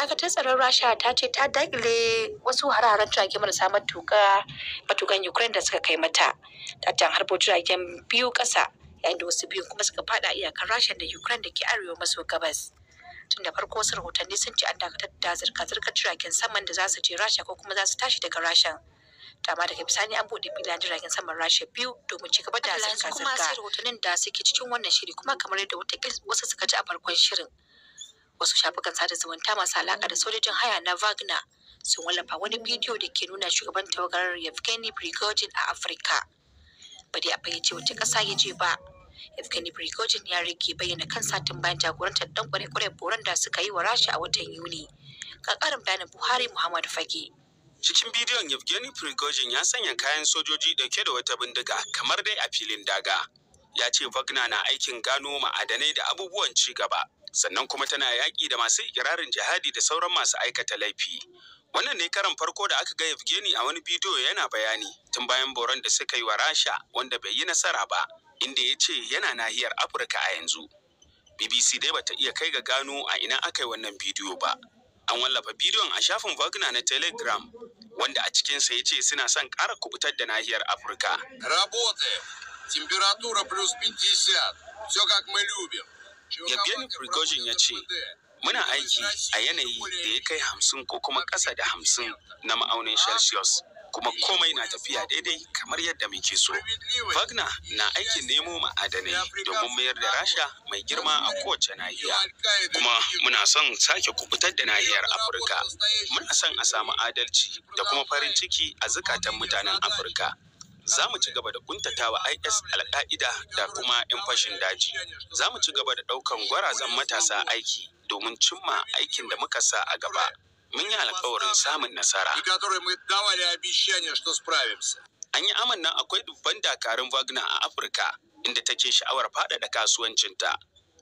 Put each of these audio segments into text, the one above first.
ma'aikatar tsaron rasha ta ce ta dakile wasu hararen jirage marasa matuka matukan ukraine da suka kai mata ta can harbo jiragen biyu kasa yayin da wasu biyu kuma suka fada iyakan rasha da ukraine da ke arewa maso gabas tun da farko wasu rahotanni sun ce an dakatar da zirga-zirgar jiragen saman da za su je rasha ko kuma za su tashi daga rasha dama daga bisani an buɗe filayen jiragen saman rasha biyu domin ci gaba da zirga-zirga kuma sai rahotannin da suke cikin wannan shiri kuma kamar yadda wasu suka ji a farkon shirin wasu shafukan sada zumunta masu alaka da sojojin haya na wagner sun wallafa wani bidiyo da ke nuna shugaban tawagar yevgeny prigozhin a afirka ba dai a fayyace wace ƙasa ya je ba Yevgeny Prigozhin ya rage bayyana kansa tun bayan jagorantar dan kware-kware boran da suka yi wa Rasha a watan Yuni. Ga bayanin Buhari Muhammad Fage. Cikin bidiyon Yevgeny Prigozhin ya sanya kayan sojoji dauke da wata bindiga kamar dai a filin daga. Ya ce Wagner na aikin gano ma'adanai da abubuwan ci gaba sannan kuma tana yaƙi da masu ikirarin jihadi da sauran masu aikata laifi. Wannan ne karan farko da aka ga Evgeny a wani bidiyo yana bayani tun bayan boron da suka yi wa Rasha wanda bai yi nasara ba, inda ya ce yana nahiyar Afirka a yanzu. BBC dai bata iya kai ga gano a ina aka yi wannan bidiyo ba. An wallafa bidiyon a shafin Wagner na Telegram wanda a cikinsa ya ce suna son ƙara kubutar da nahiyar Afirka. Работаем. Температура плюс 50. Все как мы любим. Yabgeni Prigozhin ya ce, Muna aiki a yanayi da ya kai hamsin ko kuma ƙasa da hamsin na ma'aunin Celsius. kuma komai na tafiya daidai kamar yadda muke so. Wagner na aikin nemo ma'adanai domin mayar da rasha mai girma a kowace nahiya. Kuma muna son sake kubutar da nahiyar Afirka. Muna son a samu adalci da kuma farin ciki a zukatan mutanen Afirka. za mu ci gaba da kuntatawa is alka'ida da kuma 'yan fashin daji za mu ci gaba da ɗaukan gwarazan matasa aiki domin cimma aikin da muka sa a gaba mun yi alƙawarin samun nasara an yi amanna akwai dubban dakarun wagner a afirka inda take sha'awar faɗaɗa kasuwancinta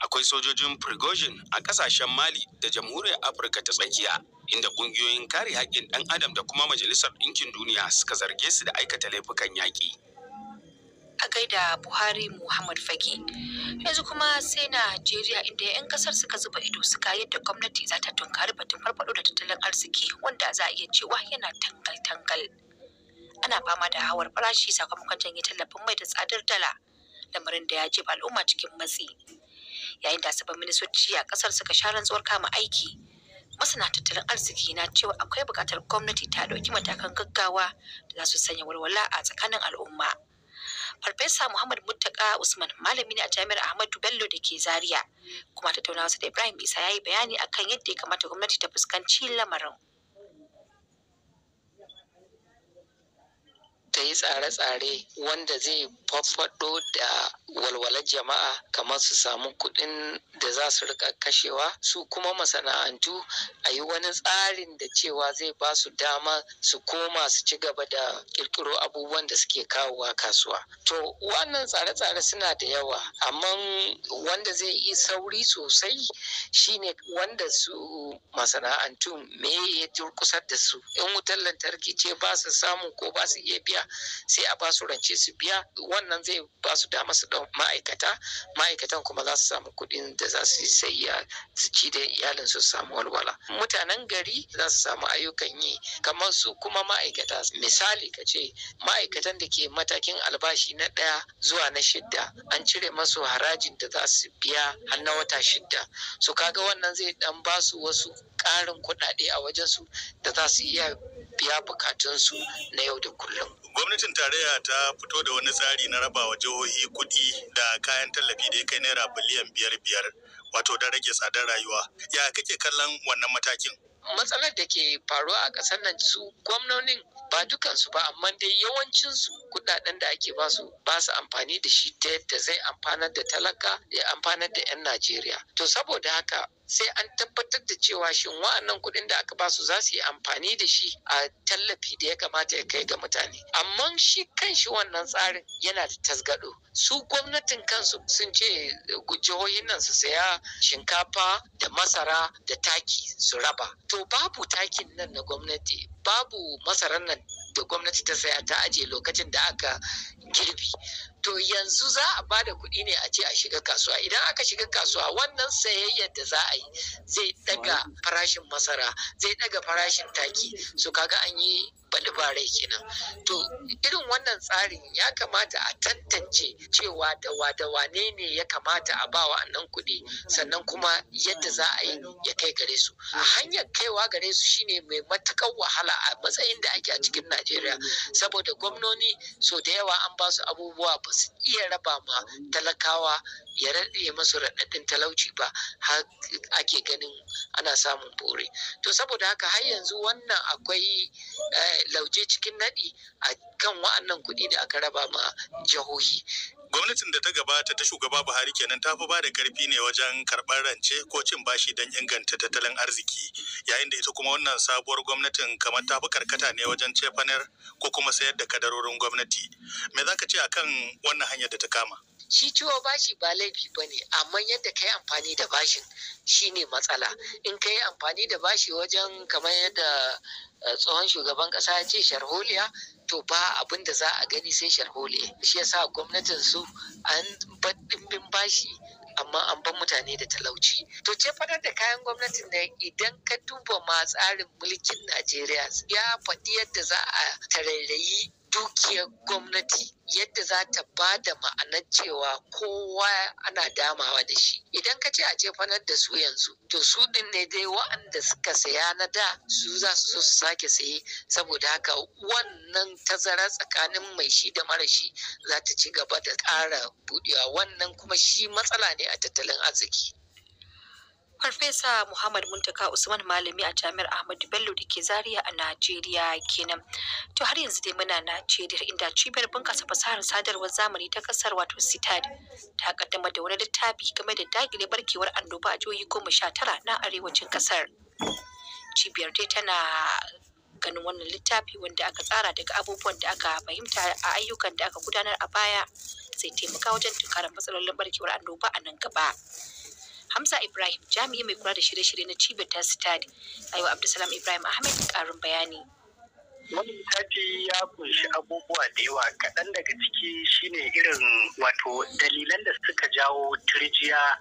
akwai sojojin prigozhin a ƙasashen mali da jamhuriyar afirka ta tsakiya inda kungiyoyin kare haƙƙin ɗan adam da kuma majalisar ɗinkin duniya suka zarge su da aikata laifukan yaƙi. a gaida buhari muhammad fage yanzu kuma sai najeriya inda 'yan kasar suka zuba ido suka yadda gwamnati za ta tunkari batun farfaɗo da tattalin arziki wanda za a iya cewa yana tangal-tangal ana fama da hawar farashi sakamakon janye tallafin mai da tsadar dala lamarin da ya jefa al'umma cikin matsi yayin da sabbin ministoci a kasar suka sha rantsuwar kama aiki masana tattalin arziki na cewa akwai bukatar gwamnati ta dauki matakan gaggawa da za su sanya walwala a tsakanin al'umma. Farfesa Muhammad Muttaka Usman malami ne a Jami'ar Ahmadu Bello da ke Zaria kuma tattaunawa da Ibrahim Isa ya yi bayani akan yadda ya kamata gwamnati ta fuskanci lamarin. ta yi tsare-tsare wanda zai faffaɗo da walwalar jama'a kamar su samu kuɗin da za su rika kashewa su kuma masana'antu a yi wani tsarin da cewa zai ba su dama su koma su ci gaba da ƙirƙiro abubuwan da suke kawowa kasuwa to wannan tsare-tsare suna da yawa amma wanda zai yi sauri sosai shine wanda su masana'antu me ya durkusar da su in wutar lantarki ce ba su samu ko ba su iya biya sai a basu rance su biya wannan zai basu dama su ɗau ma'aikata ma'aikatan kuma za su samu kuɗin da za su sayya su ci da iyalin su samu walwala mutanen gari za su samu ayyukan yi kamar su kuma ma'aikata misali ka ce ma'aikatan da ke matakin albashi na ɗaya zuwa na shidda an cire masu harajin da za su biya har na wata shidda su kaga wannan zai dan basu wasu ƙarin kuɗaɗe a wajensu da za su iya biya bukatunsu na yau da kullum. Gwamnatin tarayya ta fito da wani tsari na rabawa jihohi kuɗi da kayan tallafi da ya kai naira biliyan biyar biyar wato da rage tsadar rayuwa. Ya kake kallon wannan matakin? Matsalar da ke faruwa a ƙasar nan su gwamnonin ba dukansu ba amma dai yawancinsu kudaden da ake ba su, ba su amfani da shi ta yadda zai amfanar da talaka ya amfanar da 'yan Najeriya. To saboda haka sai an tabbatar da cewa shin wa'annan kuɗin da aka basu za su yi amfani da shi a tallafi da ya kamata ya kai ga mutane amma shi kan shi wannan tsarin yana da tasgado su gwamnatin kansu sun ce jihohin nan su saya shinkafa da masara da taki su raba to babu takin nan na gwamnati babu masarar nan da gwamnati ta saya ta ajiye lokacin da aka girbi to yanzu za a ba da kuɗi ne a ce a shiga kasuwa idan aka shiga kasuwa wannan sayayyar da za a yi zai ɗaga farashin masara zai ɗaga farashin taki so kaga an yi wani ba rai kenan to irin wannan tsarin ya kamata a tantance cewa da wada wane ne ya kamata a ba wa'annan kuɗi sannan kuma yadda za a yi ya kai gare su a hanyar kaiwa gare su shine mai matukar wahala a matsayin da ake a cikin najeriya saboda gwamnoni so da yawa an ba su abubuwa ba su iya raba ma talakawa ya raɗe masu raɗaɗin talauci ba har ake ganin ana samun bore to saboda haka har yanzu wannan akwai eh, lauje cikin naɗi a kan wa'annan kuɗi da aka raba ma jihohi. Gwamnatin da ta gabata ta shugaba Buhari kenan ta fi ba da ƙarfi ne wajen karɓar rance ko cin bashi don inganta tattalin arziki yayin da ita kuma wannan sabuwar gwamnatin kamar ta fi karkata ne wajen cefanar ko kuma sayar da kadarorin gwamnati. Me za ka ce akan wannan hanyar da ta kama? shi ciwo bashi ba laifi ba ne amma yadda ka yi amfani da bashin shi ne matsala in ka yi amfani da bashi wajen kamar yadda eh, tsohon shugaban kasa ya ce sharholiya to ba abin da za a gani sai sharholiya shi yasa gwamnatin su an ɗimbin bashi amma an ban mutane da talauci. To ce fadar da kayan gwamnatin na idan ka duba ma tsarin mulkin Najeriya ya faɗi yadda za a tarairayi dukiyar gwamnati yadda za ta ba da ma'anar cewa kowa ana damawa da shi idan ka ce a jefanar da su yanzu to su din ne dai wa'anda suka saya na da su za su su sake saye saboda haka wannan tazara tsakanin mai shi da mara shi za ta ci gaba da ƙara budewa wannan kuma shi matsala ne a tattalin arziki Farfesa Muhammad Muntaka Usman malami a Jami'ar Ahmadu Bello da ke Zariya a Najeriya kenan. To har yanzu dai muna Najeriya inda cibiyar bunƙasa fasahar sadarwar zamani ta kasar wato sitad ta kaddama da wani littafi game da dagile barkewar annoba a jihohi goma sha tara na arewacin kasar. Cibiyar dai tana ganin wannan littafi wanda aka tsara daga abubuwan da aka fahimta a ayyukan da aka gudanar a baya zai taimaka wajen tunkarar matsalolin barkewar annoba a nan gaba. Hamza Ibrahim jami'i mai kula da shirye-shirye na cibiyar ta Sitadi. Abdulsalam Ibrahim Ahmed karin bayani. Wani littafi ya kunshi abubuwa da yawa kaɗan daga ciki shine irin wato dalilan da suka jawo turjiya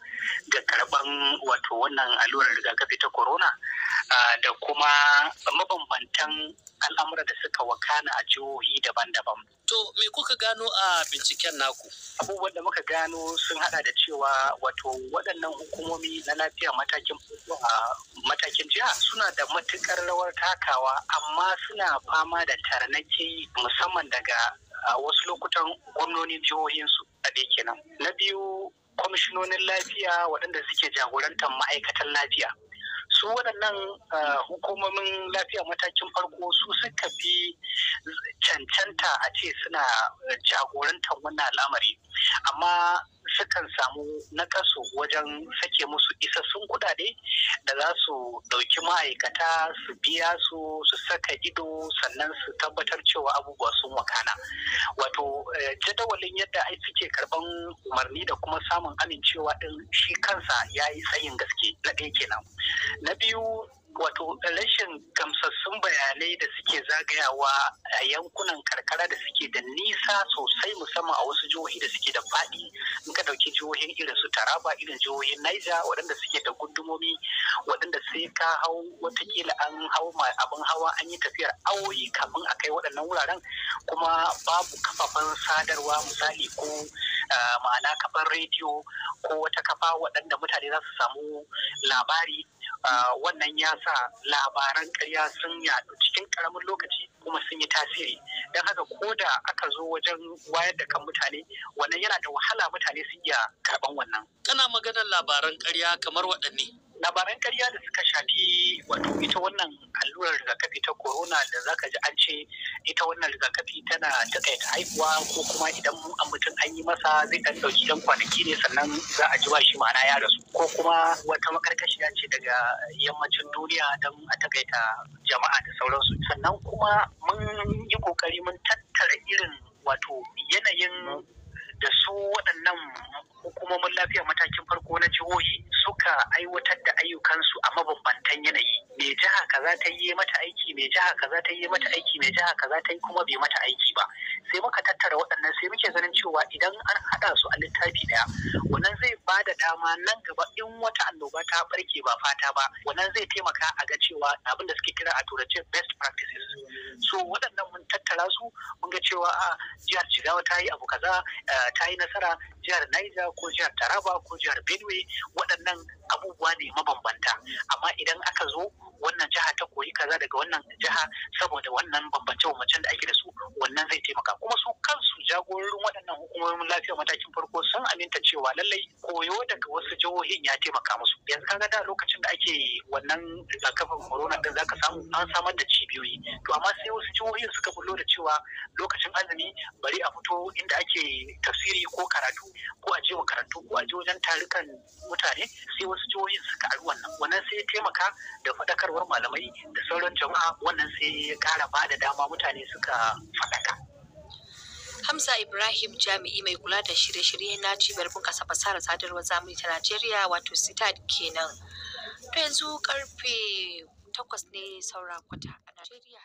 ga karɓan wato wannan allurar rigakafi ta corona ah, da kuma mabambantan al'amura da suka wakana a jihohi daban-daban. To me kuka gano a binciken naku? Abubuwan da muka gano sun hada da cewa wato waɗannan hukumomi na lafiya matakin matakin jiha suna da matukar rawar takawa amma suna fama da tarnaki musamman daga wasu lokutan gwamnonin jihohinsu a kenan. Na biyu kwamishinonin lafiya waɗanda suke jagorantar ma'aikatan lafiya su waɗannan eh, hukumomin lafiya matakin farko su suka fi cancanta a ce suna jagorantar wannan al'amari amma sukan samu nakasu wajen sake musu isassun kudade da za su ɗauki ma'aikata su biya su su saka ido sannan su tabbatar cewa abubuwa sun wakana wato eh, jadawalin yadda ai suke karban umarni da kuma samun amincewa din shi kansa ya yi tsayin gaske na ɗaya kenan na biyu wato rashin gamsassun bayanai da suke zagayawa a yankunan karkara da suke da nisa sosai musamman a wasu jihohi da suke da faɗi in ka ɗauki jihohin irin su taraba irin jihohin naija waɗanda suke da gundumomi waɗanda sai ka hau watakila an hau ma abin hawa an yi tafiyar awoyi kafin a kai waɗannan wuraren kuma babu kafafen sadarwa misali ko ma'ana kafar rediyo ko wata kafa waɗanda mutane za su samu labari wannan ya sa labaran karya sun yaɗu cikin ƙaramin lokaci kuma sun yi tasiri don haka ko da aka zo wajen wayar da kan mutane wannan yana da wahala mutane sun iya karɓan wannan. Kana maganar labaran karya kamar waɗanne? labaran karya da suka shafi wato ita wannan allurar rigakafi ta corona da zaka ji an ce ita wannan rigakafi tana takaita haihuwa ko kuma idan a mutum an yi masa zai dan dauki dan kwanaki ne sannan za a ji ba shi ma'ana ya rasu ko kuma wata makarkashiya ce daga yammacin duniya don a takaita jama'a da sauransu sannan kuma mun yi kokari mun tattara irin wato yanayin da su waɗannan hukumomin lafiya matakin farko na jihohi suka aiwatar da ayyukansu a mabambantan yanayi Me jiha kaza ta yi mata aiki Me jiha kaza ta yi mata aiki Me jiha kaza ta yi kuma bai mata aiki ba sai muka tattara waɗannan sai muke ganin cewa idan an haɗa su a littafi ɗaya wannan zai ba da dama nan gaba in wata annoba ta barke ba fata ba wannan zai taimaka a ga cewa abin da suke kira a turance best practices so waɗannan mun tattara su mun ga cewa a ah, jihar jigawa ta yi abu kaza eh, ta yi nasara jihar Niger ko jihar Taraba ko jihar Benue waɗannan abubuwa ne mabambanta amma idan aka zo wannan jiha ta koyi kaza daga wannan jiha saboda wannan bambance-bambancen da ake da su wannan zai taimaka jagororin waɗannan hukumomin lafiya matakin farko sun aminta cewa lallai koyo daga wasu jihohin ya taimaka musu yanzu kaga da lokacin da ake wannan rigakafin corona din zaka samu an samar da cibiyoyi to amma sai wasu jihohin suka bullo da cewa lokacin azumi bari a fito inda ake tafsiri ko karatu ko a je makarantu ko a je wajen tarukan mutane sai wasu jihohin suka ari wannan wannan sai ya taimaka da faɗakarwar malamai da sauran jama'a wannan sai ya ƙara ba da dama mutane suka faɗaka Hamza Ibrahim jami'i mai kula da shirye-shirye na cibiyar bunƙasa fasahar sadarwar zamani ta Najeriya wato sitad kenan. To yanzu karfe takwas ne saura kwata a Najeriya.